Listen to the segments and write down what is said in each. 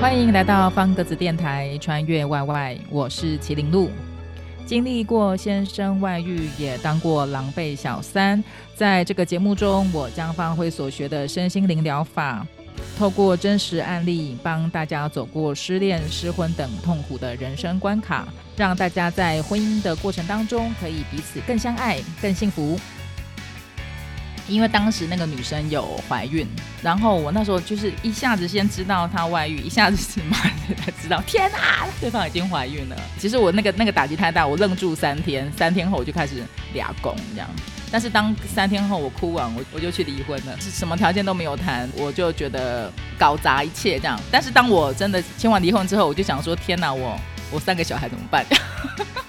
歡迎來到方格子電台《穿越外外》，我是麒麟路，經歷過先生外遇，也當過狼狽小三。在這個節目中，我將發揮所學的身心靈療法，透過真實案例，幫大家走過失戀、失婚等痛苦的人生關卡，讓大家在婚姻的過程當中，可以彼此更相愛、更幸福。因為當時那個女生有懷孕，然後我那時候就是一下子先知道她外遇，一下子是馬上才知道，天啊，對方已經懷孕了。其實我那個那個打擊太大，我愣住三天，三天後我就開始倆工這樣。但是當三天後我哭完，我我就去離婚了，是什麼條件都沒有談，我就覺得搞砸一切這樣。但是當我真的簽完離婚之後，我就想說，天哪，我我三個小孩怎麼辦？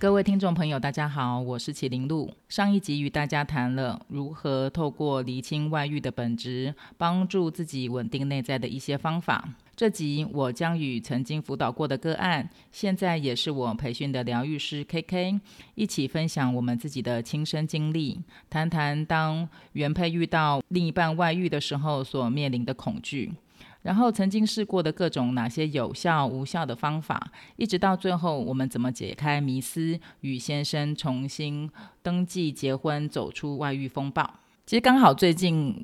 各位聽眾朋友，大家好，我是麒麟路。上一集與大家談了如何透過釐清外遇的本質，幫助自己穩定內在的一些方法。這集我將與曾經輔導過的個案，現在也是我培訓的療癒師 KK，一起分享我們自己的親身經歷，談談當原配遇到另一半外遇的時候所面臨的恐懼。然後曾經試過的各種哪些有效無效的方法，一直到最後我們怎麼解開迷思，與先生重新登記結婚，走出外遇風暴。其實剛好最近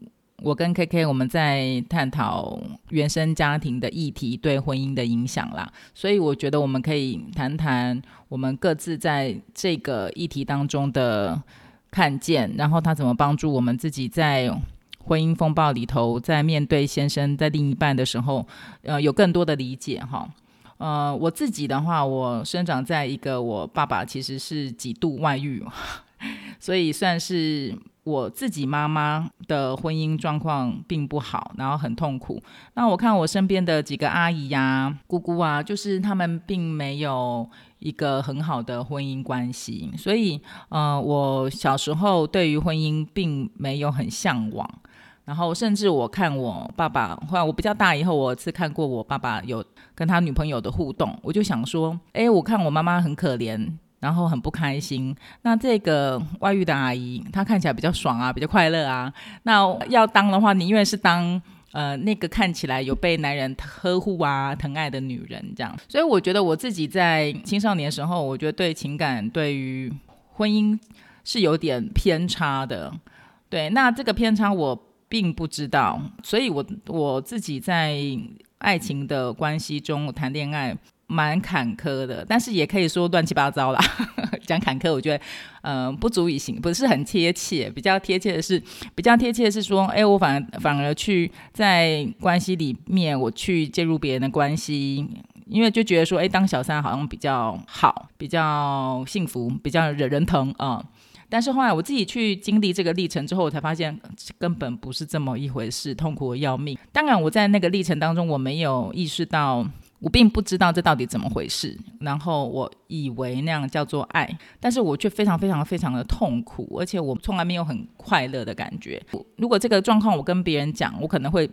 我跟 KK 我們在探討原生家庭的議題對婚姻的影響啦，所以我覺得我們可以談談我們各自在這個議題當中的看見，然後他怎麼幫助我們自己在婚姻風暴裡頭，在面對先生在另一半的時候，呃，有更多的理解哈。呃，我自己的話，我生長在一個我爸爸其實是幾度外遇，呵呵，所以算是我自己媽媽的婚姻狀況並不好，然後很痛苦。那我看我身邊的幾個阿姨呀、啊、姑姑啊，就是他們並沒有一個很好的婚姻關係，所以呃，我小時候對於婚姻並沒有很嚮往。然後甚至我看我爸爸，我比較大以後，我是看過我爸爸有跟他女朋友的互動，我就想說，哎，我看我媽媽很可憐，然後很不開心。那這個外遇的阿姨，她看起來比較爽啊，比較快樂啊。那要當的話，你因為是當呃那個看起來有被男人呵護啊、疼愛的女人這樣。所以我覺得我自己在青少年時候，我覺得對情感、對於婚姻是有點偏差的。對，那這個偏差我。並不知道，所以我，我我自己在愛情的關係中，我談戀愛蠻坎坷的，但是也可以說亂七八糟啦。講坎坷，我覺得，嗯、呃，不足以行，不是很貼切。比較貼切的是，比較貼切的是說，哎、欸，我反反而去在關係裡面，我去介入別人的關係，因為就覺得說，哎、欸，當小三好像比較好，比較幸福，比較惹人、人疼啊。嗯但是後來我自己去經歷這個歷程之後，我才發現，呃，根本不是這麼一回事，痛苦要命。當然我在那個歷程當中，我沒有意識到，我並不知道這到底怎麼回事。然後我以為那樣叫做愛，但是我卻非常非常非常的痛苦，而且我從來沒有很快樂的感覺。如果這個狀況我跟別人講，我可能會，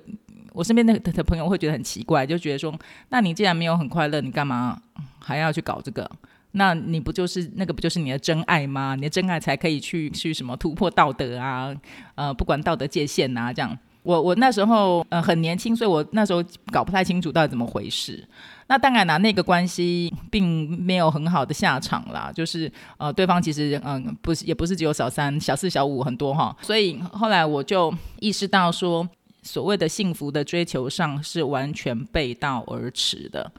我身邊的的朋友會覺得很奇怪，就覺得說，那你既然沒有很快樂，你幹嘛還要去搞這個？那你不就是那個不就是你的真愛嗎？你的真愛才可以去去什麼突破道德啊？呃，不管道德界限啊，這樣。我我那時候呃很年輕，所以我那時候搞不太清楚到底怎麼回事。那當然啦，那個關係並沒有很好的下場啦，就是呃對方其實嗯、呃、不是也不是只有小三、小四、小五很多哈。所以後來我就意識到說，所謂的幸福的追求上是完全背道而馳的。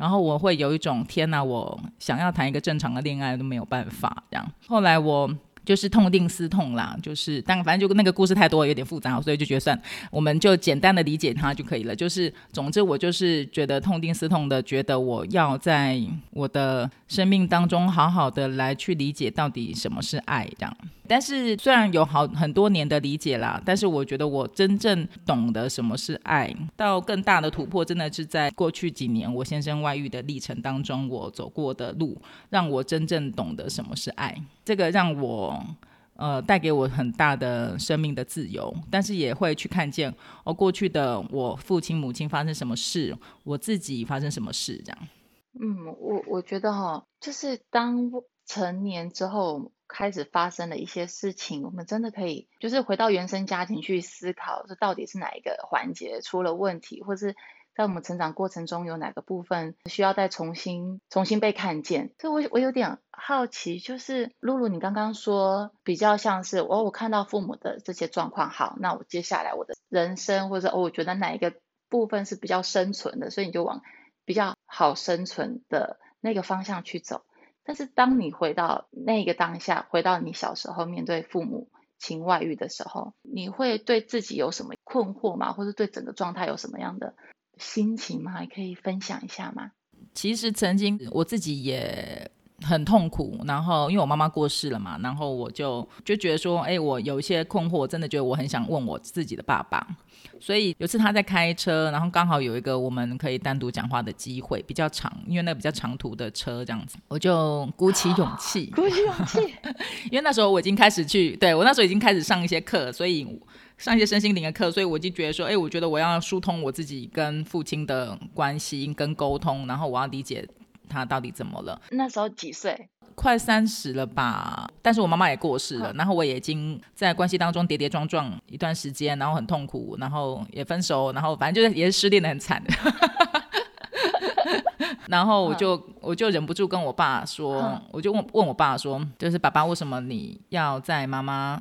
然後我會有一種天哪，我想要談一個正常的戀愛都沒有辦法這樣。後來我就是痛定思痛啦，就是但反正就那個故事太多了，有點複雜，所以就決算，我們就簡單的理解它就可以了。就是總之，我就是覺得痛定思痛的，覺得我要在我的生命當中好好的來去理解到底什麼是愛這樣。但是雖然有好很多年的理解啦，但是我覺得我真正懂得什麼是愛，到更大的突破真的是在過去幾年我先生外遇的歷程當中，我走過的路讓我真正懂得什麼是愛。這個讓我呃帶給我很大的生命的自由，但是也會去看見我，哦、過去的我父親母親發生什麼事，我自己發生什麼事這樣。嗯，我我覺得哈、哦，就是當成年之後。開始發生了一些事情，我們真的可以就是回到原生家庭去思考，這到底是哪一個環節出了問題，或是在我們成長過程中有哪個部分需要再重新重新被看見。所以，我我有點好奇，就是露露，你剛剛說比較像是哦，我看到父母的這些狀況，好，那我接下來我的人生，或者，哦，我覺得哪一個部分是比較生存的，所以你就往比較好生存的那個方向去走。但是當你回到那個當下，回到你小時候面對父母親外遇的時候，你會對自己有什麼困惑嗎？或者對整個狀態有什麼樣的心情嗎？還可以分享一下嗎？其實曾經我自己也。很痛苦，然後因為我媽媽過世了嘛，然後我就就覺得說，哎、欸，我有一些困惑，真的覺得我很想問我自己的爸爸。所以有次他在開車，然後剛好有一個我們可以單獨講話的機會，比較長，因為那比較長途的車這樣子，我就鼓起勇氣，啊、鼓起勇氣， 因為那時候我已經開始去，對，我那時候已經開始上一些課，所以上一些身心靈的課，所以我就覺得說，哎、欸，我覺得我要疏通我自己跟父親的關係跟溝通，然後我要理解。他到底怎麼了？那時候幾歲？快三十了吧。但是我媽媽也過世了，啊、然後我也已經在關係當中跌跌撞撞一段時間，然後很痛苦，然後也分手，然後反正就是也是失戀得很慘。 然後我就、啊、我就忍不住跟我爸說，啊、我就問問我爸說，就是爸爸，為什麼你要在媽媽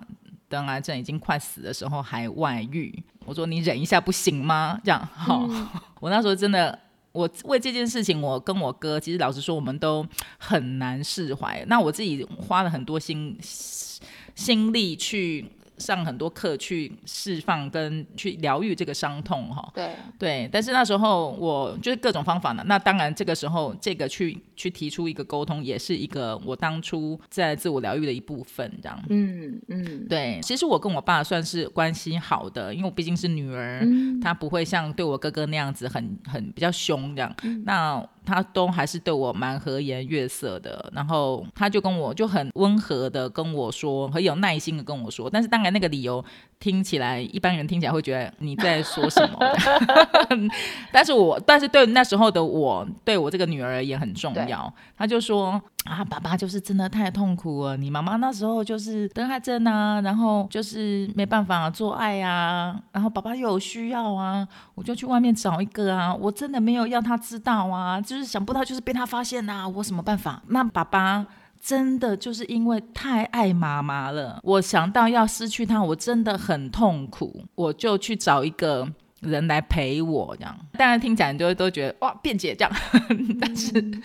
得癌症已經快死的時候還外遇？我說你忍一下不行嗎？這樣，好、嗯， 我那時候真的。我為這件事情，我跟我哥，其實老實說，我們都很難釋懷。那我自己花了很多心心力去。上很多課去釋放跟去療癒這個傷痛哈，對，對，但是那時候我就是各種方法呢。那當然這個時候，這個去去提出一個溝通，也是一個我當初在自我療癒的一部分這樣。嗯嗯，嗯對，其實我跟我爸算是關係好的，因為我畢竟是女兒，嗯、他不會像對我哥哥那樣子很很比較凶這樣。嗯、那他都還是對我蠻和顏悅色的，然後他就跟我就很溫和的跟我說，很有耐心的跟我說。但是當然那個理由聽起來，一般人聽起來會覺得你在說什麼。 但是我但是對那時候的我，對我這個女兒也很重要。對他就說啊，爸爸就是真的太痛苦了，你媽媽那時候就是得癌症啊，然後就是沒辦法做愛啊，然後爸爸有需要啊，我就去外面找一個啊，我真的沒有要他知道啊。就是想不到，就是被他發現吶、啊！我什麼辦法？那爸爸真的就是因為太愛媽媽了，我想到要失去他，我真的很痛苦，我就去找一個。人來陪我這樣，大家聽起來就都覺得哇辯解，這樣，呵呵，但是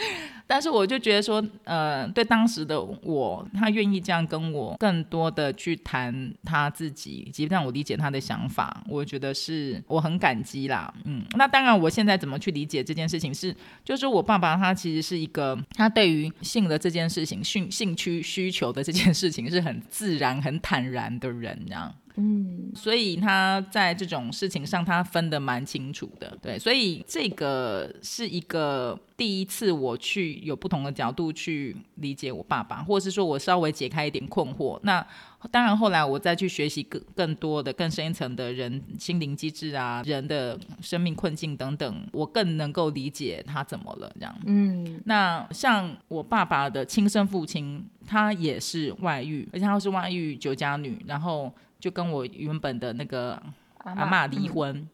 但是我就覺得說，呃，對當時的我，他願意這樣跟我更多的去談他自己，以及讓我理解他的想法，我覺得是我很感激啦，嗯，那當然我現在怎麼去理解這件事情是，就是我爸爸他其實是一個他對於性的這件事情，性性趣需求的這件事情是很自然很坦然的人這樣。嗯，所以他在這種事情上，他分得蠻清楚的，對，所以這個是一個第一次我去有不同的角度去理解我爸爸，或者是說我稍微解開一點困惑。那當然後來我再去學習更更多的更深層的人心靈機制啊，人的生命困境等等，我更能夠理解他怎麼了這樣。嗯，那像我爸爸的親生父親，他也是外遇，而且他是外遇酒家女，然後。就跟我原本的那個阿媽離婚，啊，嗯，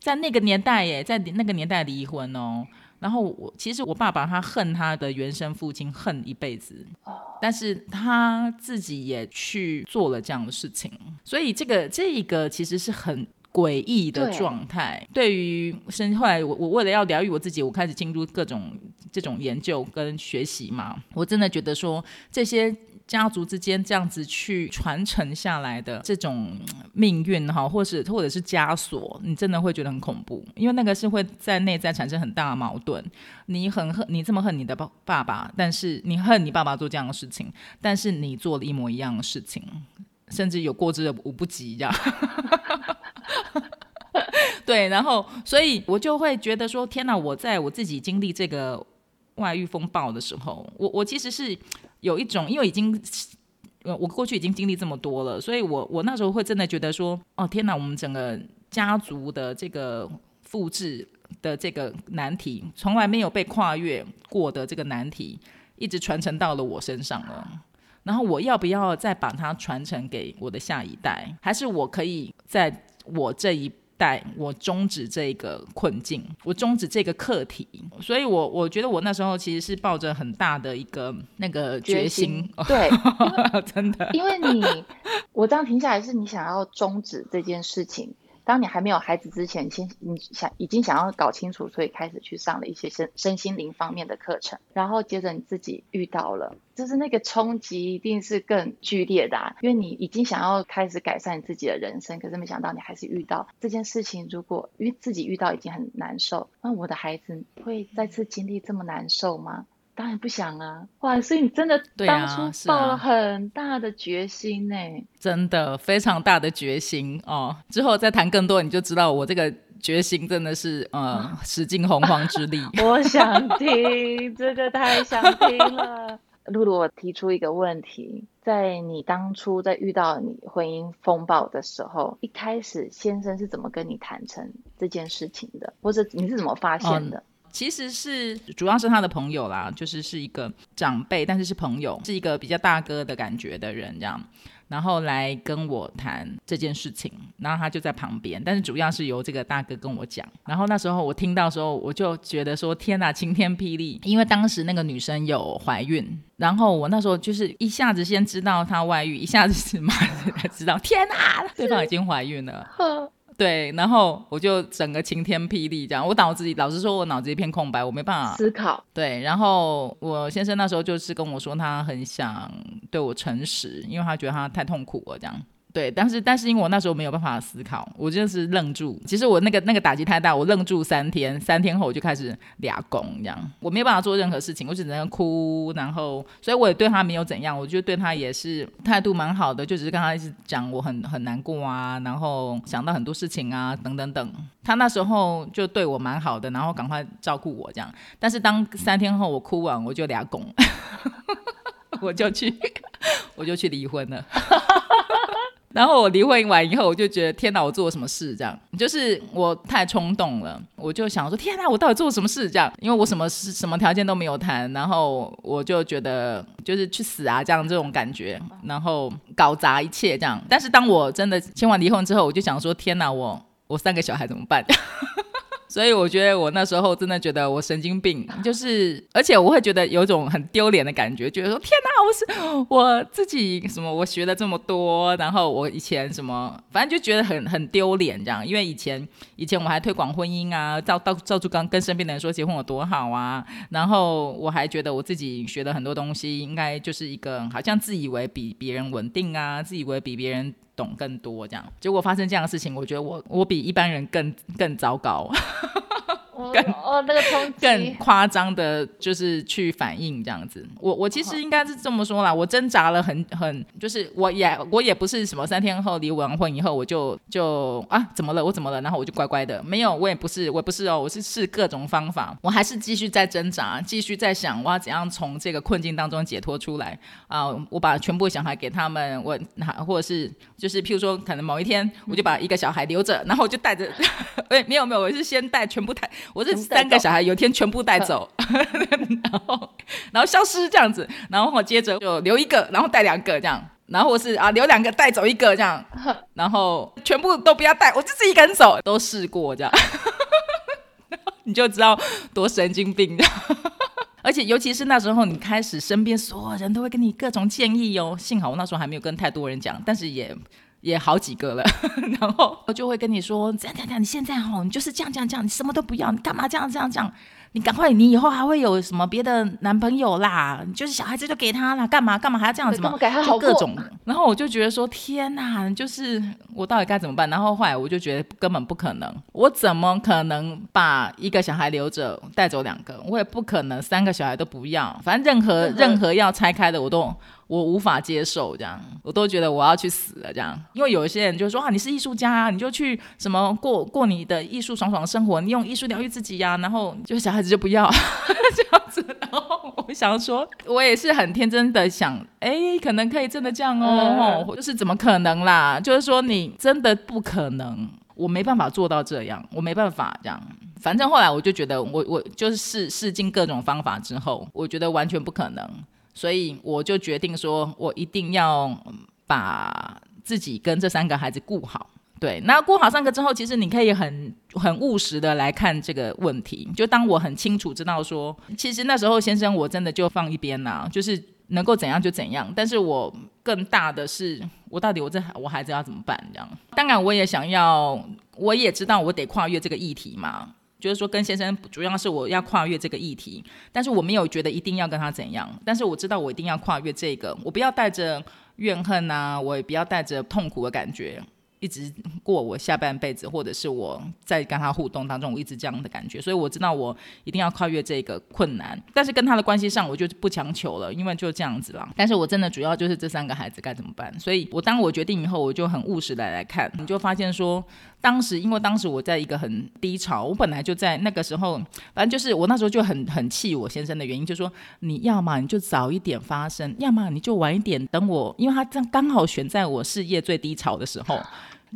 在那個年代耶，在那個年代離婚哦。然後我其實我爸爸他恨他的原生父親，恨一輩子。但是他自己也去做了這樣的事情，所以這個這一個其實是很詭異的狀態。對。對於生後來我我為了要療癒我自己，我開始進入各種這種研究跟學習嘛。我真的覺得說這些。家族之間這樣子去傳承下來的這種命運哈，或是或者是枷鎖，你真的會覺得很恐怖，因為那個是會在內在產生很大的矛盾。你很恨你這麼恨你的爸爸，但是你恨你爸爸做這樣的事情，但是你做了一模一樣的事情，甚至有過之而無不及這樣。 對，然後所以我就會覺得說，天哪！我在我自己經歷這個外遇風暴的時候，我我其實是。有一種，因為已經，我過去已經經歷這麼多了，所以我我那時候會真的覺得說，哦，天哪，我們整個家族的這個複制的這個難題，從來沒有被跨越過的這個難題，一直傳承到了我身上了。然後我要不要再把它傳承給我的下一代，還是我可以在我這一？帶我終止這個困境，我終止這個課題，所以我，我我覺得我那時候其實是抱着很大的一個那個決心，決心對， 真的，因為你，我這樣聽起來是你想要終止這件事情。當你還沒有孩子之前，你先，你想已經想要搞清楚，所以開始去上了一些身身心靈方面的課程，然後接着你自己遇到了，就是那個衝擊一定是更劇烈的啊，因為你已經想要開始改善自己的人生，可是沒想到你還是遇到這件事情。如果因為自己遇到已經很難受，那我的孩子會再次經歷這麼難受嗎？當然不想啊！哇，所以你真的當初抱了很大的決心呢、欸啊啊，真的非常大的決心哦。之後再談更多，你就知道我這個決心真的是呃，使盡洪荒之力。 我想聽，真的太想聽了。露露，我提出一個問題：在你當初在遇到你婚姻風暴的時候，一開始先生是怎麼跟你坦承這件事情的，或者你是怎麼發現的？嗯嗯其實是主要是他的朋友啦，就是是一個長輩，但是是朋友，是一個比較大哥的感覺的人這樣，然後來跟我談這件事情，然後他就在旁邊，但是主要是由這個大哥跟我講。然後那時候我聽到的時候，我就覺得說天吶，晴天霹靂，因為當時那個女生有懷孕，然後我那時候就是一下子先知道她外遇，一下子是馬上知道，天吶，對方是已經懷孕了。呵對，然後我就整個晴天霹靂這樣，我腦子，老實說，我腦子一片空白，我沒辦法思考。對，然後我先生那時候就是跟我說，他很想對我誠實，因為他覺得他太痛苦了這樣。對，但是但是因為我那時候沒有辦法思考，我就是愣住。其實我那個那個打擊太大，我愣住三天，三天後我就開始兩光這樣，我沒有辦法做任何事情，我只能哭。然後，所以我也對他沒有怎樣，我就對他也是態度蠻好的，就只是跟他一直講我很很難過啊，然後想到很多事情啊，等等等。他那時候就對我蠻好的，然後趕快照顧我這樣。但是當三天後我哭完，我就兩光， 我就去，我就去離婚了。 然後我離婚完以後，我就覺得天哪，我做了什麼事？這樣，就是我太衝動了，我就想說天哪，我到底做了什麼事？這樣，因為我什麼什麼條件都沒有談，然後我就覺得就是去死啊，這樣這種感覺，然後搞砸一切這樣。但是當我真的簽完離婚之後，我就想說天哪，我我三個小孩怎麼辦？ 所以我覺得我那時候真的覺得我神經病，就是而且我會覺得有一種很丟臉的感覺，覺得說天哪，我是我自己什麼，我學了這麼多，然後我以前什麼，反正就覺得很很丟臉這樣，因為以前以前我還推廣婚姻啊，到到到處剛跟身邊的人說結婚有多好啊，然後我還覺得我自己學的很多東西，應該就是一個好像自以為比別人穩定啊，自以為比別人懂更多這樣，結果發生這樣的事情，我覺得我我比一般人更更糟糕。更哦，那個更誇張的，就是去反應這樣子。我我其實應該是這麼說啦，我掙扎了很很，就是我也我也不是什麼三天後離完婚，婚以後我就就啊怎麼了我怎麼了，然後我就乖乖的沒有，我也不是我不是哦，我是試各種方法，我還是繼續在掙扎，繼續在想我要怎樣從這個困境當中解脫出來啊，我把全部小孩給他們，我或者是就是譬如說可能某一天我就把一個小孩留着，然後我就帶着，哎沒有沒有，我是先帶全部帶。我這三個小孩，有天全部帶走，帶走 然後然後消失這樣子，然後我接着就留一個，然後帶兩個這樣，然後我是啊留兩個帶走一個這樣，然後全部都不要帶，我就自己一個人走，都試過這樣， 你就知道多神經病的， 而且尤其是那時候你開始身邊所有人都會跟你各種建議喲，幸好我那時候還沒有跟太多人講，但是也。也好幾個了呵呵，然後我就會跟你說這樣這樣這樣，你現在哈、哦，你就是這樣這樣這樣，你什麼都不要，你幹嘛這樣這樣這樣？你趕快，你以後還會有什麼別的男朋友啦？你就是小孩子就給他啦，幹嘛幹嘛還要這樣子？怎麼給他好過？各種。然後我就覺得說天哪，就是我到底該怎麼辦？然後後來我就覺得根本不可能，我怎麼可能把一個小孩留着帶走兩個？我也不可能三個小孩都不要，反正任何嗯嗯任何要拆開的我都。我無法接受這樣，我都覺得我要去死了這樣，因為有一些人就說啊，你是藝術家啊，你就去什麼過過你的藝術爽爽生活，你用藝術療癒自己呀，啊，然後就小孩子就不要呵呵這樣子，然後我想說，我也是很天真的想，哎，可能可以真的這樣哦，嗯，就是怎麼可能啦？就是說你真的不可能，我沒辦法做到這樣，我沒辦法這樣。反正後來我就覺得我，我我就是試試盡各種方法之後，我覺得完全不可能。所以我就決定說，我一定要把自己跟這三個孩子顧好。對，那顧好三個之後，其實你可以很很務實的來看這個問題。就當我很清楚知道說，其實那時候先生我真的就放一邊啦、啊，就是能夠怎樣就怎樣。但是我更大的是，我到底我這我孩子要怎麼辦這樣？當然我也想要，我也知道我得跨越這個議題嘛。就是說，跟先生主要是我要跨越這個議題，但是我沒有覺得一定要跟他怎樣，但是我知道我一定要跨越這個，我不要帶着怨恨啊，我也不要帶着痛苦的感覺。一直過我下半輩子，或者是我在跟他互動當中，我一直這樣的感覺，所以我知道我一定要跨越這個困難。但是跟他的關係上，我就不強求了，因為就這樣子了。但是我真的主要就是這三個孩子該怎麼辦？所以，我當我決定以後，我就很務實的來看，你就發現說，當時因為當時我在一個很低潮，我本來就在那個時候，反正就是我那時候就很很氣我先生的原因，就是說你要麼你就早一點發生，要麼你就晚一點等我，因為他這樣剛好選在我事業最低潮的時候。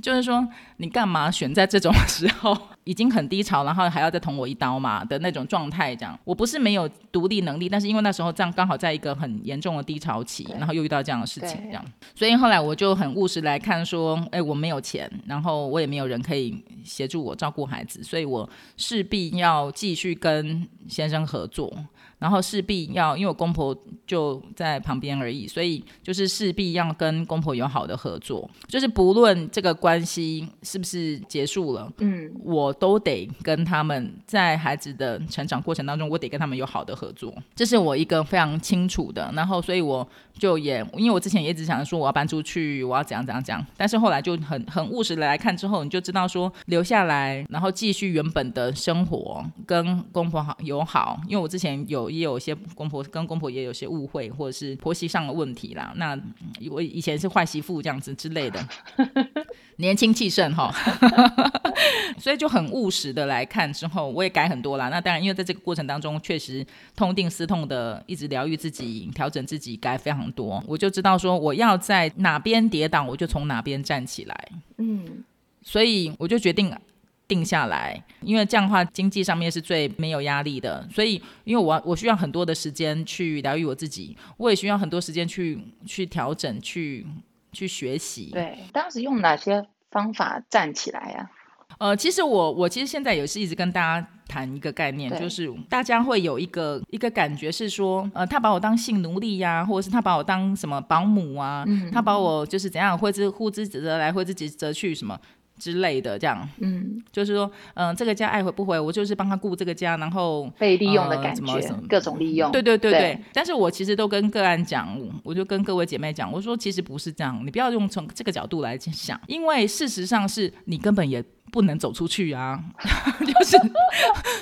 就是說，你幹嘛選在這種時候已經很低潮，然後還要再捅我一刀嘛的那種狀態？這樣，我不是沒有獨立能力，但是因為那時候這樣剛好在一個很嚴重的低潮期，對然後又遇到這樣的事情，這樣，對所以後來我就很務實來看，說，誒，我沒有錢，然後我也沒有人可以協助我照顧孩子，所以我勢必要繼續跟先生合作。然後勢必要，因為我公婆就在旁邊而已，所以就是勢必要跟公婆有好的合作。就是不論這個關係是不是結束了，嗯，我都得跟他們在孩子的成長過程當中，我得跟他們有好的合作。這是我一個非常清楚的。然後所以我就也，因為我之前也一直想說我要搬出去，我要怎樣怎樣怎樣，但是後來就很很務實的來看之後，你就知道說留下來，然後繼續原本的生活，跟公婆好友好，因為我之前有。也有些公婆跟公婆也有些誤會，或者是婆媳上的問題啦。那我以前是壞媳婦這樣子之類的， 年輕氣盛哈， 所以就很務實的來看之後，我也改很多啦。那當然，因為在這個過程當中，確實痛定思痛的一直療癒自己，調整自己，改非常多。我就知道說，我要在哪邊跌倒，我就從哪邊站起來。嗯，所以我就決定定下來，因為這樣的話經濟上面是最沒有壓力的。所以，因為我我需要很多的時間去療癒我自己，我也需要很多時間去去調整、去去學習。對，當時用哪些方法站起來呀、啊？呃，其實我我其實現在也是一直跟大家談一個概念，對就是大家會有一個一個感覺是說，呃，他把我當性奴隸呀、啊，或者是他把我當什麼保姆啊？嗯、哼他把我就是怎樣，揮之呼之則來，揮之則去什麼？之類的，這樣，嗯，就是說，嗯、呃，這個家愛回不回，我就是幫他顧這個家，然後被利用的感覺，呃、各種利用，對對對對。對。但是我其實都跟個案講，我就跟各位姐妹講，我說其實不是這樣，你不要用從這個角度來去想，因為事實上是你根本也。不能走出去啊！就 是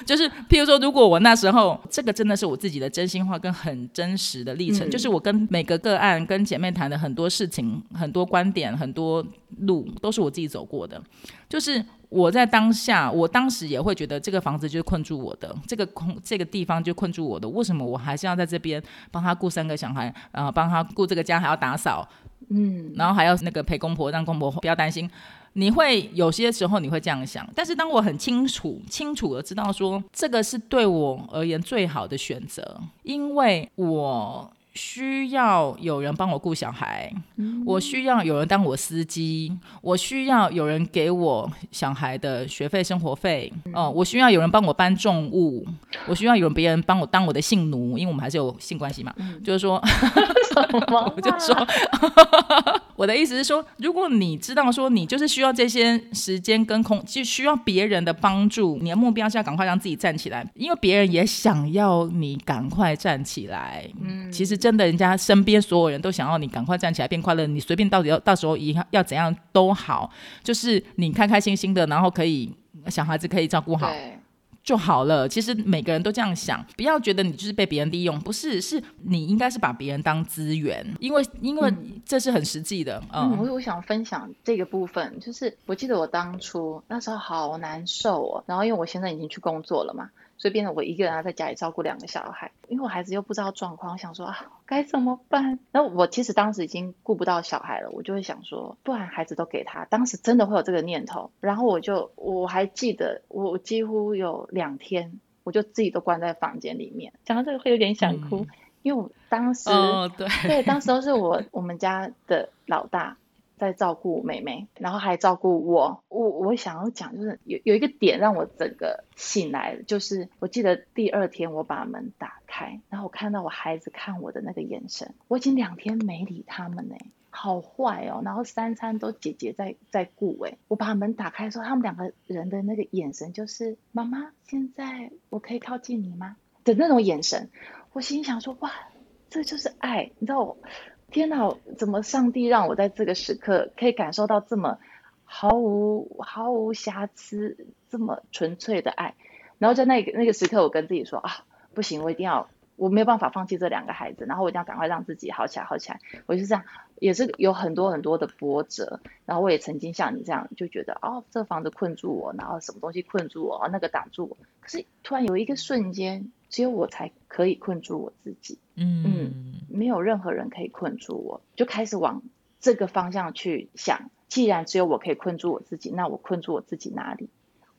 就是，就是，譬如說，如果我那時候，這個真的是我自己的真心話，跟很真實的歷程，嗯、就是我跟每個個案、跟姐妹談的很多事情、很多觀點、很多路，都是我自己走過的。就是我在當下，我當時也會覺得這個房子就是困住我的，這個空這個地方就困住我的。為什麼我還是要在這邊幫他顧三個小孩，然後幫他顧這個家，還要打掃，嗯，然後還要那個陪公婆，讓公婆不要擔心。你會有些時候你會這樣想，但是當我很清楚、清楚地知道說，這個是對我而言最好的選擇，因為我需要有人幫我顧小孩，嗯、我需要有人當我司機，我需要有人給我小孩的學費、生活費，哦、嗯嗯，我需要有人幫我搬重物，我需要有人別人幫我當我的性奴，因為我們還是有性關係嘛，就是說。嗯 我就說， 我的意思是說，如果你知道說你就是需要這些時間跟空，就需要別人的幫助，你的目標是要趕快讓自己站起來，因為別人也想要你趕快站起來。嗯，其實真的，人家身邊所有人都想要你趕快站起來變快樂。你隨便到底要到時候以後要怎樣都好，就是你開開心心的，然後可以小孩子可以照顧好。就好了。其實每個人都這樣想，不要覺得你就是被別人利用，不是，是你應該是把別人當資源，因為因為這是很實際的。嗯，嗯嗯，我我想分享這個部分，就是我記得我當初那時候好難受哦，然後因為我現在已經去工作了嘛。所以變成我一個人要在家裡照顧兩個小孩，因為我孩子又不知道狀況，我想說啊，該怎麼辦？那我其實當時已經顧不到小孩了，我就會想說，不然孩子都給他，當時真的會有這個念頭。然後我就我還記得，我幾乎有兩天，我就自己都關在房間裡面。講到這個會有點想哭，嗯、因為我當時，哦、對，對，當時都是我我們家的老大。在照顧妹妹，然後還照顧我。我我想要講，就是有有一個點讓我整個醒來了，就是我記得第二天我把門打開，然後我看到我孩子看我的那個眼神，我已經兩天沒理他們呢，好壞哦。然後三餐都姐姐在在顧誒。我把門打開的時候，他們兩個人的那個眼神就是媽媽，現在我可以靠近你嗎？的那種眼神，我心想說哇，這就是愛，你知道我。天哪，怎麼上帝讓我在這個時刻可以感受到這麼毫無毫無瑕疵、這麼純粹的愛？然後在那個那個時刻，我跟自己說啊，不行，我一定要，我沒有辦法放棄這兩個孩子，然後我一定要趕快讓自己好起來，好起來。我就是這樣，也是有很多很多的波折。然後我也曾經像你這樣，就覺得哦，這房子困住我，然後什麼東西困住我，那個擋住我。可是突然有一個瞬間，只有我才可以困住我自己，嗯、嗯，沒有任何人可以困住我，就開始往這個方向去想，既然只有我可以困住我自己，那我困住我自己哪裡？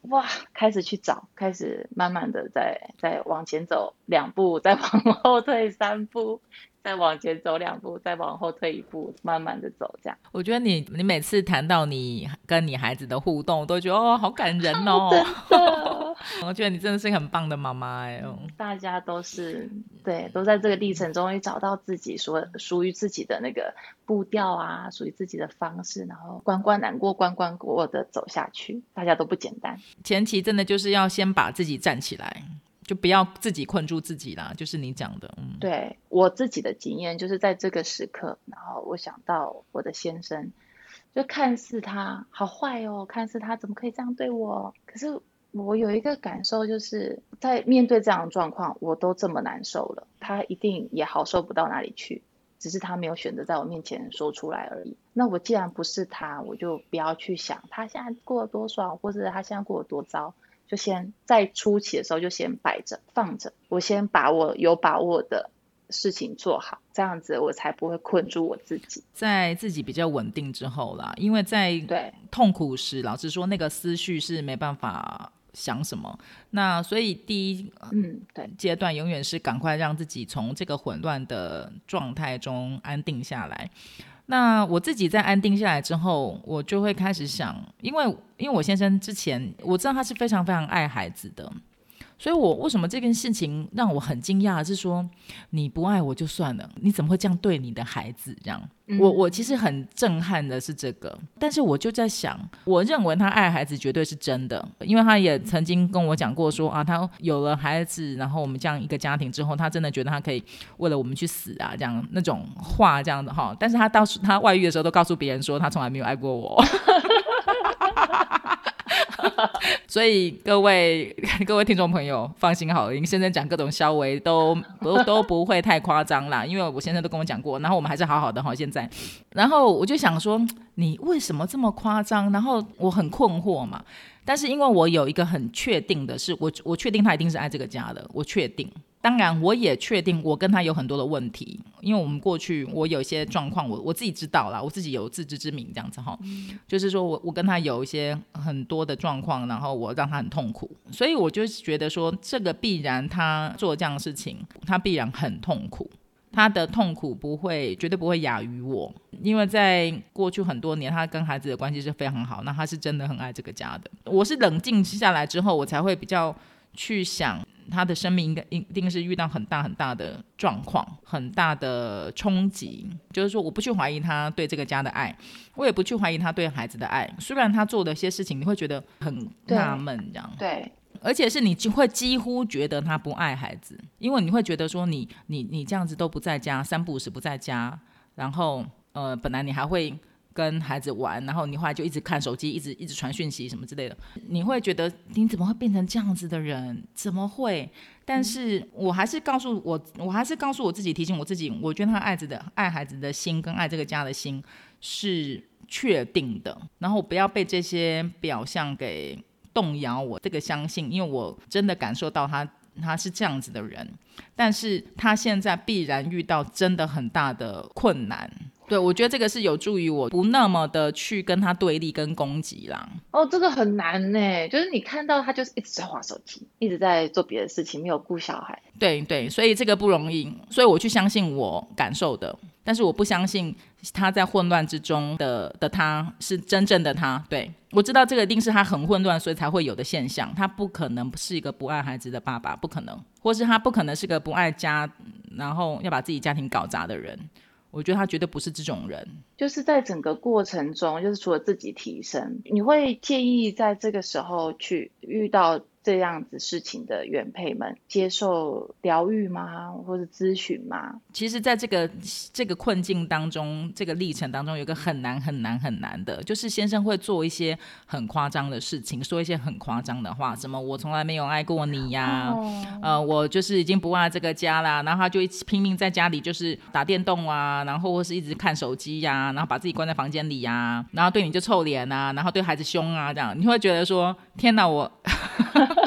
哇，開始去找，開始慢慢的再再往前走兩步，再往後退三步，再往前走兩步，再往後退一步，慢慢的走這樣。我覺得你你每次談到你跟你孩子的互動，都覺得哦好感人哦。 我覺得你真的是一個很棒的媽媽哎、欸哦嗯、大家都是對，都在這個歷程中，終於找到自己所屬於自己的那個步調啊，屬於自己的方式，然後關關難過關關過的走下去，大家都不簡單。前期真的就是要先把自己站起來，就不要自己困住自己啦，就是你講的。嗯、對我自己的經驗，就是在這個時刻，然後我想到我的先生，就看似他好壞哦，看似他怎麼可以這樣對我，可是。我有一個感受，就是在面對這樣的狀況，我都這麼難受了，他一定也好受不到哪裡去。只是他沒有選擇在我面前說出來而已。那我既然不是他，我就不要去想他現在過得多爽，或是他現在過得多糟，就先在初期的時候就先擺着放着。我先把我有把握的事情做好，這樣子我才不會困住我自己。在自己比較穩定之後啦，因為在痛苦時，老實說，那個思緒是沒辦法想什麼？那所以第一，嗯，對，階段永遠是趕快讓自己從這個混亂的狀態中安定下來。那我自己在安定下來之後，我就會開始想，因為因為我先生之前，我知道他是非常非常愛孩子的。所以，我為什麼這件事情讓我很驚訝的是說，你不愛我就算了，你怎麼會這樣對你的孩子？這樣，我我其實很震撼的是這個。但是我就在想，我認為他愛孩子絕對是真的，因為他也曾經跟我講過說啊，他有了孩子，然後我們這樣一個家庭之後，他真的覺得他可以為了我們去死啊，這樣那種話這樣的哈。但是他當時他外遇的時候都告訴別人說他從來沒有愛過我。 所以各位各位聽眾朋友放心好了，你先生講各種消微，都不都不會太誇張啦，因為我先生都跟我講過，然後我們還是好好的好，現在，然後我就想說你為什麼這麼誇張？然後我很困惑嘛，但是因為我有一個很確定的是，我我確定他一定是愛這個家的，我確定。當然，我也確定我跟他有很多的問題，因為我們過去我有一些狀況我，我我自己知道啦，我自己有自知之明這樣子哈、哦，就是說我我跟他有一些很多的狀況，然後我讓他很痛苦，所以我就覺得說，這個必然他做這樣的事情，他必然很痛苦，他的痛苦不會絕對不會亞於我，因為在過去很多年，他跟孩子的關係是非常好，那他是真的很愛這個家的，我是冷靜下來之後，我才會比較去想。他的生命應該一定是遇到很大很大的狀況，很大的衝擊。就是說，我不去懷疑他對這個家的愛，我也不去懷疑他對孩子的愛。雖然他做的一些事情，你會覺得很納悶，對這樣。對，而且是你會幾乎覺得他不愛孩子，因為你會覺得說你，你你你這樣子都不在家，三不五時不在家，然後呃，本來你還會。跟孩子玩，然後你後來就一直看手機，一直一直傳訊息什麼之類的，你會覺得你怎麼會變成這樣子的人？怎麼會？但是我還是告訴我，我還是告訴我自己，提醒我自己，我覺得他愛子的、愛孩子的心跟愛這個家的心是確定的，然後不要被這些表象給動搖我這個相信，因為我真的感受到他他是這樣子的人，但是他現在必然遇到真的很大的困難。對，我覺得這個是有助於我不那麼的去跟他對立跟攻擊啦。哦，這個很難呢，就是你看到他就是一直在滑手機，一直在做別的事情，沒有顧小孩。對對，所以這個不容易，所以我去相信我感受的，但是我不相信他在混亂之中的的他是真正的他。對，我知道這個一定是他很混亂，所以才會有的現象。他不可能是一個不愛孩子的爸爸，不可能，或是他不可能是個不愛家，然後要把自己家庭搞砸的人。我覺得他絕對不是這種人，就是在整個過程中，就是除了自己提升，你會建議在這個時候去遇到。這樣子事情的原配們接受療癒嗎，或者諮詢嗎？其實，在這個這個困境當中，這個歷程當中，有一個很難很難很難的，就是先生會做一些很誇張的事情，說一些很誇張的話，什麼我從來沒有愛過你呀、啊，哦、呃，我就是已經不愛這個家啦。然後他就一直拼命在家裡就是打電動啊，然後或是一直看手機呀、啊，然後把自己關在房間裡呀、啊，然後對你就臭臉啊，然後對孩子凶啊，這樣你會覺得說天哪，我。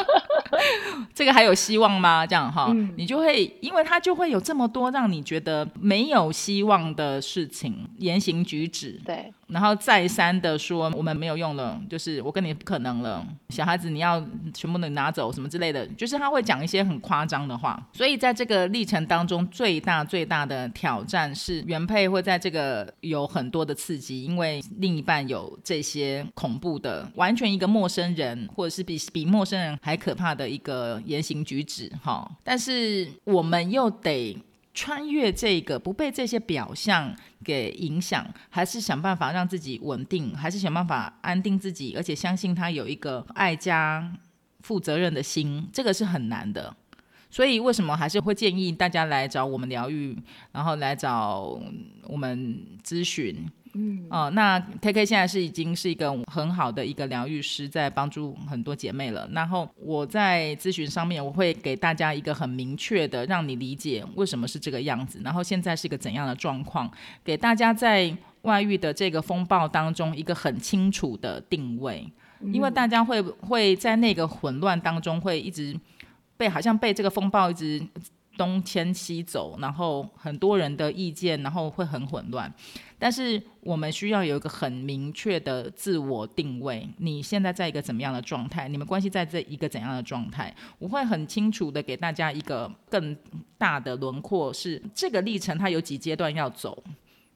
這個還有希望嗎？這樣哈，嗯、你就會，因為他就會有這麼多讓你覺得沒有希望的事情、言行舉止，對。然後再三的說我們沒有用了，就是我跟你不可能了，小孩子你要全部能拿走什麼之類的，就是他會講一些很誇張的話。所以在這個歷程當中，最大最大的挑戰是原配會在這個有很多的刺激，因為另一半有這些恐怖的，完全一個陌生人，或者是比比陌生人還可怕的一個言行舉止，哈、哦。但是我們又得。穿越這個，不被這些表象給影響，還是想辦法讓自己穩定，還是想辦法安定自己，而且相信他有一個愛家、負責任的心，這個是很難的。所以為什麼還是會建議大家來找我們療癒，然後來找我們諮詢？嗯，哦、呃，那 KK 現在是已經是一個很好的一個療癒師，在幫助很多姐妹了。然後我在諮詢上面，我會給大家一個很明確的，讓你理解為什麼是這個樣子。然後現在是一個怎樣的狀況，給大家在外遇的這個風暴當中一個很清楚的定位，因為大家會會在那個混亂當中會一直被好像被這個風暴一直。東遷西走，然後很多人的意見，然後會很混亂。但是我們需要有一個很明確的自我定位。你現在在一個怎麼樣的狀態？你們關係在這一個怎樣的狀態？我會很清楚的給大家一個更大的輪廓，是這個歷程它有幾階段要走，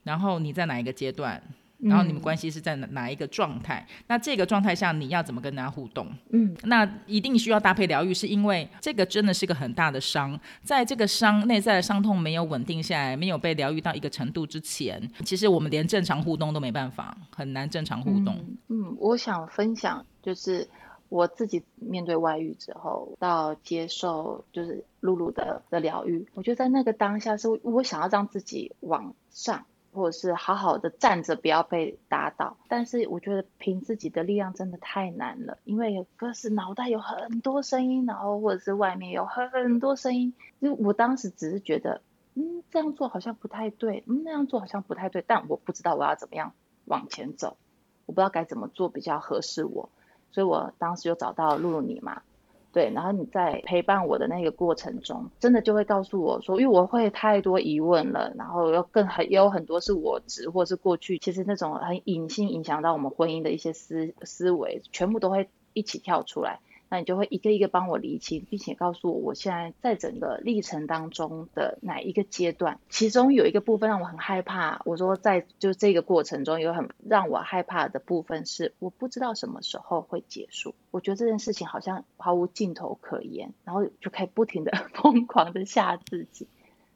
然後你在哪一個階段？然後你們關係是在哪哪一個狀態？嗯，那這個狀態下你要怎麼跟大家互動？嗯，那一定需要搭配療癒，是因為這個真的是個很大的傷，在這個傷內在的傷痛沒有穩定下來、沒有被療癒到一個程度之前，其實我們連正常互動都沒辦法，很難正常互動。嗯，嗯，我想分享就是我自己面對外遇之後到接受，就是露露的的療癒，我覺得在那個當下是我想要讓自己往上，或者是好好的站着，不要被打倒。但是我覺得憑自己的力量真的太難了，因為更是腦袋有很多聲音，然後或者是外面有很多聲音。就我當時只是覺得，嗯，這樣做好像不太對，嗯，那樣做好像不太對，但我不知道我要怎麼樣往前走，我不知道該怎麼做比較合適我，所以我當時就找到露露你嘛。對，然後你在陪伴我的那個過程中，真的就會告訴我說，因為我會太多疑問了，然後又更很也有很多是我執或是過去，其實那種很隱性影響到我們婚姻的一些思思維，全部都會一起跳出來。你就會一個一個幫我理清，並且告訴我我現在在整個歷程當中的哪一個階段，其中有一個部分讓我很害怕。我說在就這個過程中有很讓我害怕的部分是我不知道什麼時候會結束，我覺得這件事情好像毫無盡頭可言，然後就可以不停的瘋 狂的嚇自己。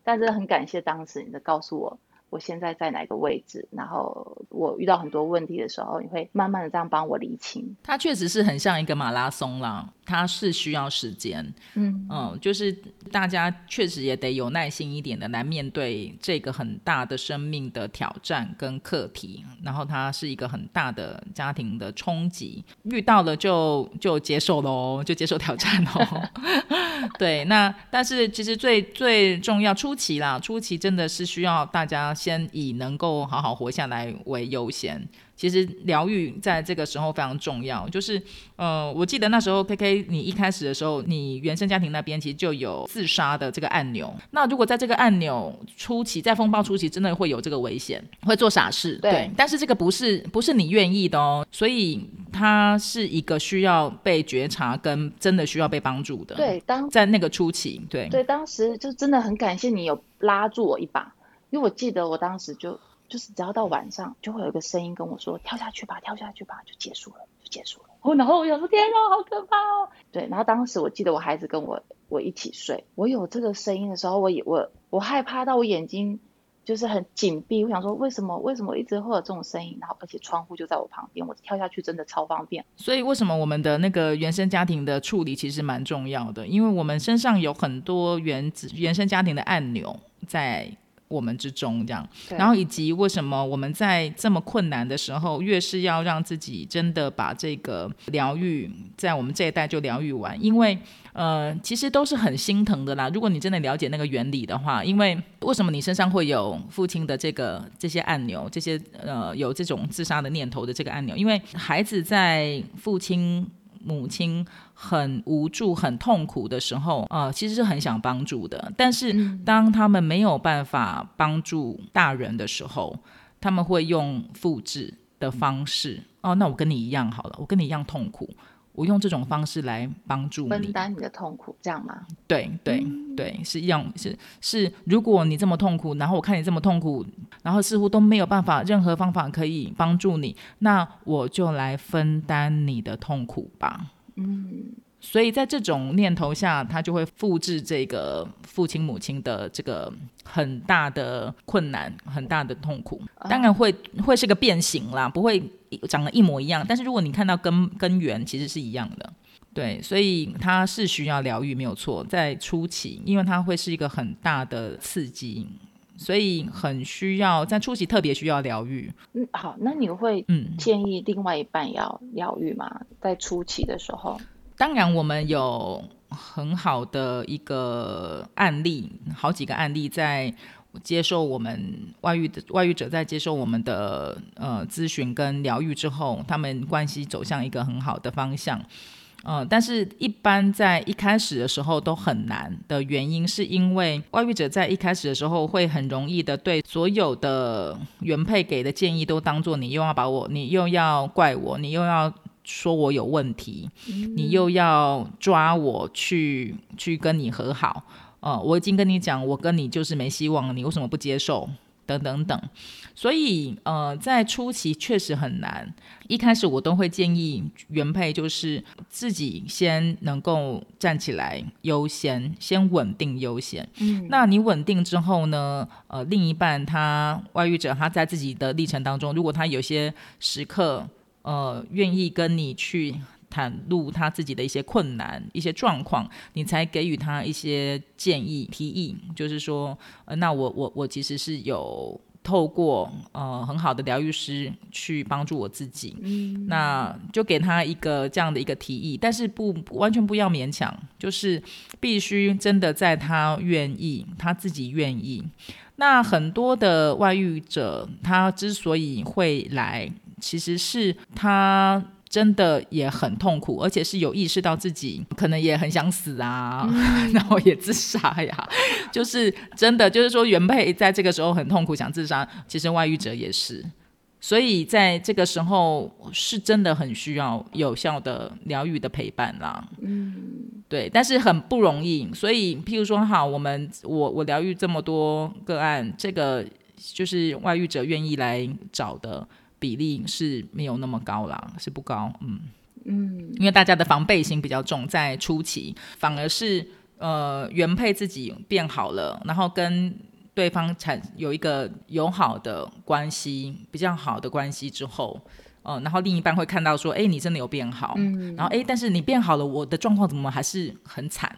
但是很感謝當時你的告訴我。我現在在哪個位置？然後我遇到很多問題的時候，你會慢慢的這樣幫我理清。它確實是很像一個馬拉松啦。他是需要時間，嗯，嗯，就是大家確實也得有耐心一點的來面對這個很大的生命的挑戰跟課題，然後它是一個很大的家庭的衝擊，遇到了就就接受嘍，就接受挑戰嘍。 對，那但是其實最最重要，初期啦，初期真的是需要大家先以能夠好好活下來為優先。其實療癒在這個時候非常重要，就是，呃，我記得那時候 KK，你一開始的時候，你原生家庭那邊其實就有自殺的這個按鈕。那如果在這個按鈕初期，在風暴初期，真的會有這個危險，會做傻事。對，對。但是這個不是不是你願意的哦，所以它是一個需要被覺察，跟真的需要被幫助的。對，當在那個初期，對，對，當時就真的很感謝你有拉住我一把，因為我記得我當時就。就是只要到晚上，就會有一個聲音跟我說：“跳下去吧，跳下去吧，就結束了，就結束了。Oh no, 啊”哦，然後我想說：“天吶，好可怕哦！”對，然後當時我記得我孩子跟我我一起睡，我有這個聲音的時候，我也我我害怕到我眼睛就是很緊閉。我想說為：“為什麼為什麼一直會有這種聲音？然後而且窗戶就在我旁邊，我跳下去真的超方便。”所以為什麼我們的那個原生家庭的處理其實蠻重要的？因為我們身上有很多原子，原生家庭的按鈕在。我們之中這樣，然後以及為什麼我們在這麼困難的時候，越是要讓自己真的把這個療癒，在我們這一代就療癒完，因為呃，其實都是很心疼的啦。如果你真的了解那個原理的話，因為為什麼你身上會有父親的這個這些按鈕，這些呃有這種自殺的念頭的這個按鈕，因為孩子在父親。母親很無助，很痛苦的時候，啊、呃，其實是很想幫助的。但是當他們沒有辦法幫助大人的時候，他們會用複製的方式。嗯、哦，那我跟你一樣好了，我跟你一樣痛苦。我用這種方式來幫助你分擔你的痛苦，這樣嗎？對對對，是這樣是是。是如果你這麼痛苦，然後我看你這麼痛苦，然後似乎都沒有辦法，任何方法可以幫助你，那我就來分擔你的痛苦吧。嗯。所以在這種念頭下，他就會複製這個父親母親的這個很大的困難、很大的痛苦。當然會會是個變形啦，不會長得一模一樣。但是如果你看到根根源，其實是一樣的。對，所以他是需要療癒，沒有錯。在初期，因為它會是一個很大的刺激，所以很需要在初期特別需要療癒。嗯，好，那你會建議另外一半要療癒嗎？在初期的時候。當然，我們有很好的一個案例，好幾個案例，在接受我們外遇的，外遇者在接受我們的呃諮詢跟療癒之後，他們關係走向一個很好的方向。呃，但是一般在一開始的時候都很難的原因，是因為外遇者在一開始的時候會很容易的對所有的原配給的建議都當做，你又要把我，你又要怪我，你又要……說我有問題，你又要抓我去去跟你和好，呃，我已經跟你講，我跟你就是沒希望，你為什麼不接受？等等等，所以呃，在初期確實很難，一開始我都會建議原配就是自己先能夠站起來優先，先穩定優先。嗯，那你穩定之後呢？呃，另一半他外遇者他在自己的歷程當中，如果他有些時刻。呃，願意跟你去袒露他自己的一些困難、一些狀況，你才給予他一些建議、提議，就是說，呃、那我我我其實是有透過呃很好的療癒師去幫助我自己，那就給他一個這樣的一個提議，但是不完全不要勉強，就是必須真的在他願意，他自己願意。那很多的外遇者，他之所以會來。其實是他真的也很痛苦，而且是有意識到自己可能也很想死啊，然後也自殺呀、啊。就是真的，就是說原配在這個時候很痛苦，想自殺。其實外遇者也是，所以在這個時候是真的很需要有效的療癒的陪伴啦。嗯，對，但是很不容易。所以，譬如說，哈，我們我我療癒這麼多個案，這個就是外遇者願意來找的。比例是沒有那麼高啦，是不高，嗯嗯，因為大家的防備心比較重，在初期反而是呃原配自己變好了，然後跟對方才有一個友好的關係，比較好的關係之後，嗯、呃，然後另一半會看到說，哎、欸，你真的有變好，嗯，然後哎、欸，但是你變好了，我的狀況怎麼還是很慘？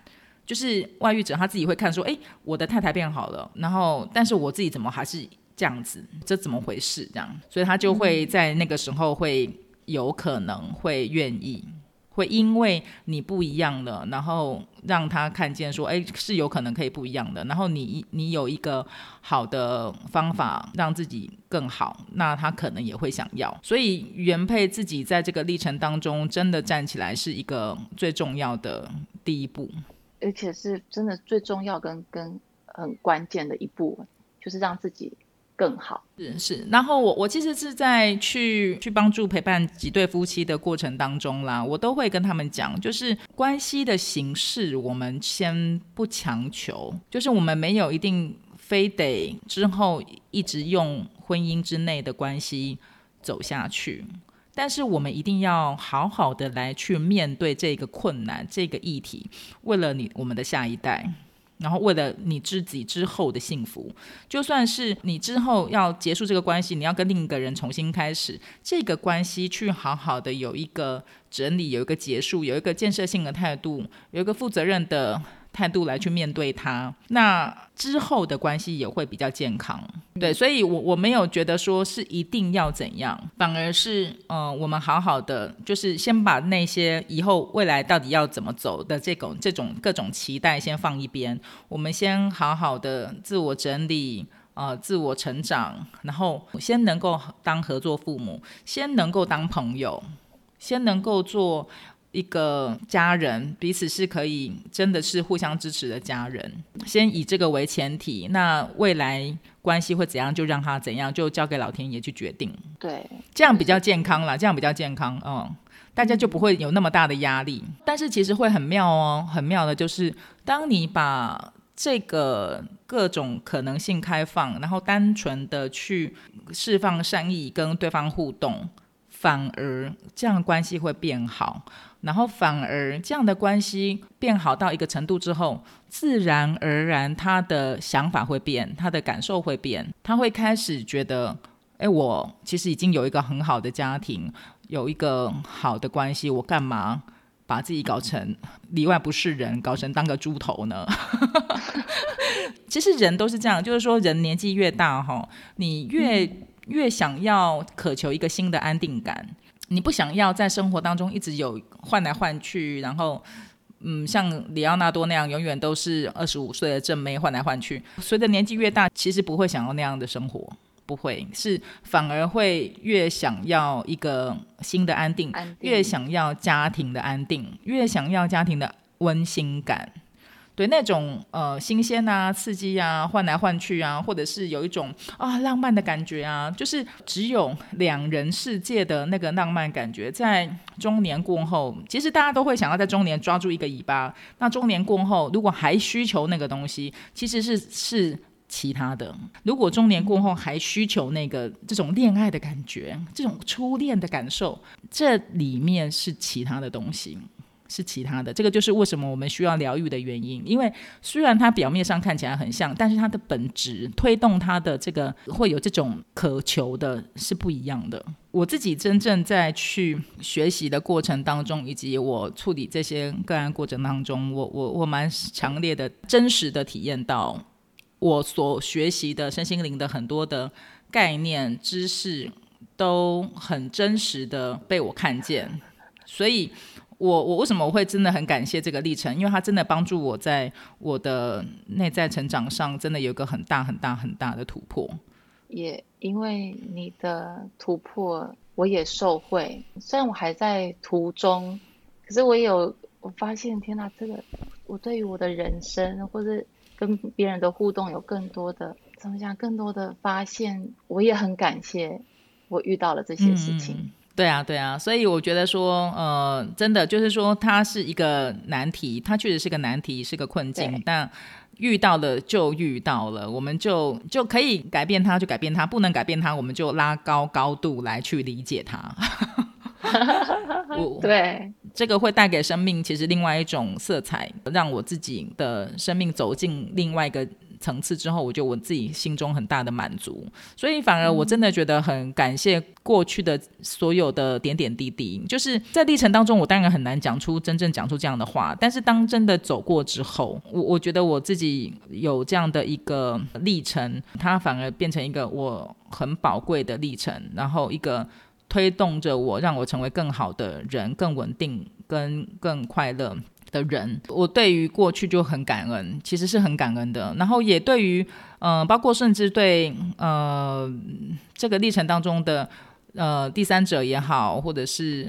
就是外遇者他自己會看說，哎、欸，我的太太變好了，然後但是我自己怎麼還是？這樣子，這怎麼回事？這樣，所以他就會在那個時候會有可能會願意，嗯、會因為你不一樣了，然後讓他看見說，哎、欸，是有可能可以不一樣的。然後你你有一個好的方法讓自己更好，那他可能也會想要。所以原配自己在這個歷程當中，真的站起來是一個最重要的第一步，而且是真的最重要跟跟很關鍵的一步，就是讓自己。更好。是是，然後我我其實是在去去幫助陪伴幾對夫妻的過程當中啦，我都會跟他們講，就是關係的形式，我們先不強求，就是我們沒有一定非得之後一直用婚姻之內的關係走下去，但是我們一定要好好的來去面對這個困難，這個議題，為了你，我們的下一代，然後，為了你自己之後的幸福，就算是你之後要結束這個關係，你要跟另一個人重新開始，這個關係去好好的有一個整理，有一個結束，有一個建設性的態度，有一個負責任的。態度來去面對他，那之後的關係也會比較健康，對，所以我我沒有覺得說是一定要怎樣，反而是嗯、呃，我們好好的，就是先把那些以後未來到底要怎麼走的這種這種各種期待先放一邊，我們先好好的自我整理，呃，自我成長，然後先能夠當合作父母，先能夠當朋友，先能夠做。一個家人彼此是可以真的是互相支持的家人，先以這個為前提，那未來關係會怎樣就讓他怎樣，就交給老天爺去決定。對，這樣比較健康啦，嗯，這樣比較健康，嗯，大家就不會有那麼大的壓力。但是其實會很妙哦，很妙的就是，當你把這個各種可能性開放，然後單純的去釋放善意跟對方互動，反而這樣關係會變好。然後反而這樣的關係變好到一個程度之後，自然而然他的想法會變，他的感受會變，他會開始覺得，誒，我其實已經有一個很好的家庭，有一個好的關係，我幹嘛把自己搞成裡外不是人，搞成當個豬頭呢？ 其實人都是這樣，就是說人年紀越大，哈，你越、嗯、越想要渴求一個新的安定感。你不想要在生活當中一直有換來換去，然後，嗯，像里奧納多那樣，永遠都是二十五歲的正妹換來換去。隨着年紀越大，其實不會想要那樣的生活，不會是反而會越想要一個新的安定，安定。越想要家庭的安定，越想要家庭的溫馨感。對，那種呃新鮮啊、刺激啊、換來換去啊，或者是有一種啊浪漫的感覺啊，就是只有兩人世界的那個浪漫感覺。在中年過後，其實大家都會想要在中年抓住一個尾巴。那中年過後，如果還需求那個東西，其實是是其他的。如果中年過後還需求那個這種戀愛的感覺、這種初戀的感受，這裡面是其他的東西。是其他的，這個就是為什麼我們需要療癒的原因。因為雖然它表面上看起來很像，但是它的本質推動它的這個會有這種渴求的是不一樣的。我自己真正在去學習的過程當中，以及我處理這些個案過程當中，我我我蠻強烈的真實的體驗到，我所學習的身心靈的很多的概念、知識，都很真實的被我看見，所以。我我為什麼我會真的很感謝這個歷程？因為它真的幫助我在我的內在成長上，真的有個很大很大很大的突破。也、yeah, 因為你的突破，我也受惠。雖然我還在途中，可是我也有我發現，天哪，這個我對於我的人生或者跟別人的互動，有更多的怎麼講？更多的發現，我也很感謝我遇到了這些事情。嗯對啊，對啊，所以我覺得說，呃，真的就是說，它是一個難題，它確實是個難題，是個困境。對但遇到了就遇到了，我們就就可以改變它，就改變它；不能改變它，我們就拉高高度來去理解它。 對，這個會帶給生命其實另外一種色彩，讓我自己的生命走進另外一個。層次之後，我就我自己心中很大的滿足，所以反而我真的覺得很感謝過去的所有的點點滴滴，就是在歷程當中，我當然很難講出真正講出這樣的話，但是當真的走過之後，我我覺得我自己有這樣的一個歷程，它反而變成一個我很寶貴的歷程，然後一個推動着我，讓我成為更好的人，更穩定，跟更快樂，的人，我對於過去就很感恩，其實是很感恩的。然後也對於，嗯、呃，包括甚至對，嗯、呃，這個歷程當中的，呃，第三者也好，或者是，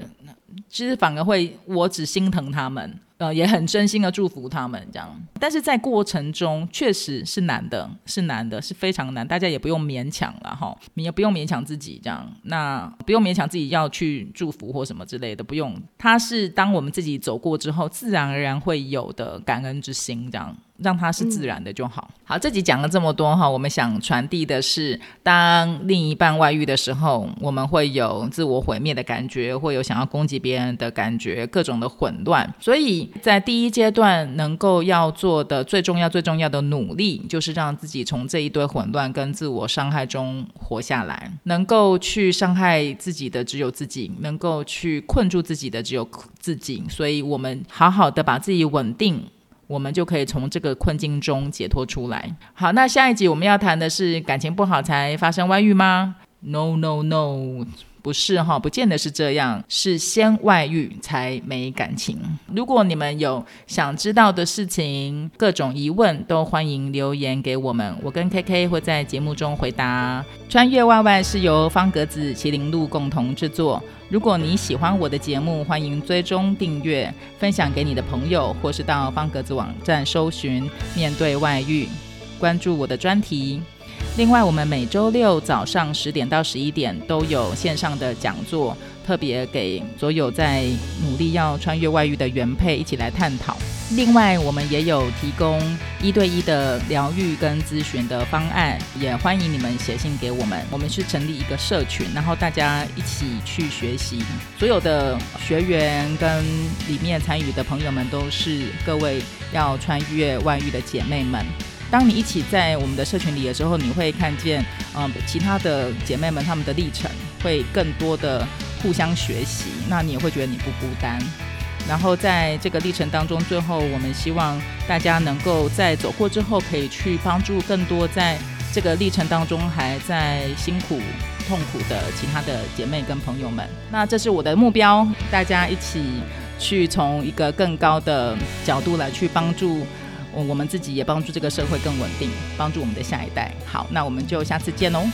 其實反而會，我只心疼他們。呃，也很真心的祝福他們這樣，但是在過程中確實是難的，是難的，是非常難。大家也不用勉強了哈，你也不用勉強自己這樣，那不用勉強自己要去祝福或什麼之類的，不用。它是當我們自己走過之後，自然而然會有的感恩之心這樣，讓它是自然的就好。嗯、好，這集講了這麼多哈，我們想傳遞的是，當另一半外遇的時候，我們會有自我毀滅的感覺，會有想要攻擊別人的感覺，各種的混亂，所以。在第一階段，能夠要做的最重要、最重要的努力，就是讓自己從這一堆混亂跟自我傷害中活下來。能夠去傷害自己的只有自己，能夠去困住自己的只有自己。所以，我們好好的把自己穩定，我們就可以從這個困境中解脫出來。好，那下一集我們要談的是感情不好才發生外遇嗎？No，No，No。No, no, no. 不是哈，不見得是這樣，是先外遇才沒感情。如果你們有想知道的事情、各種疑問，都歡迎留言給我們，我跟 KK 會在節目中回答。穿越外外是由方格子、麒麟路共同制作。如果你喜歡我的節目，歡迎追蹤訂閱、分享給你的朋友，或是到方格子網站搜尋“面對外遇”，關注我的專題。另外，我們每周六早上十點到十一點都有線上的講座，特別給所有在努力要穿越外遇的原配一起來探討。另外，我們也有提供一對一的療癒跟諮詢的方案，也歡迎你們寫信給我們。我們是成立一個社群，然後大家一起去學習。所有的學員跟裡面參與的朋友們都是各位要穿越外遇的姐妹們。當你一起在我們的社群裡的時候，你會看見，嗯，其他的姐妹們她們的歷程，會更多的互相學習，那你也會覺得你不孤單。然後在這個歷程當中，最後我們希望大家能夠在走過之後，可以去幫助更多在這個歷程當中還在辛苦、痛苦的其他的姐妹跟朋友們。那這是我的目標，大家一起去從一個更高的角度來去幫助。我們自己也幫助這個社會更穩定，幫助我們的下一代。好，那我們就下次見嘍。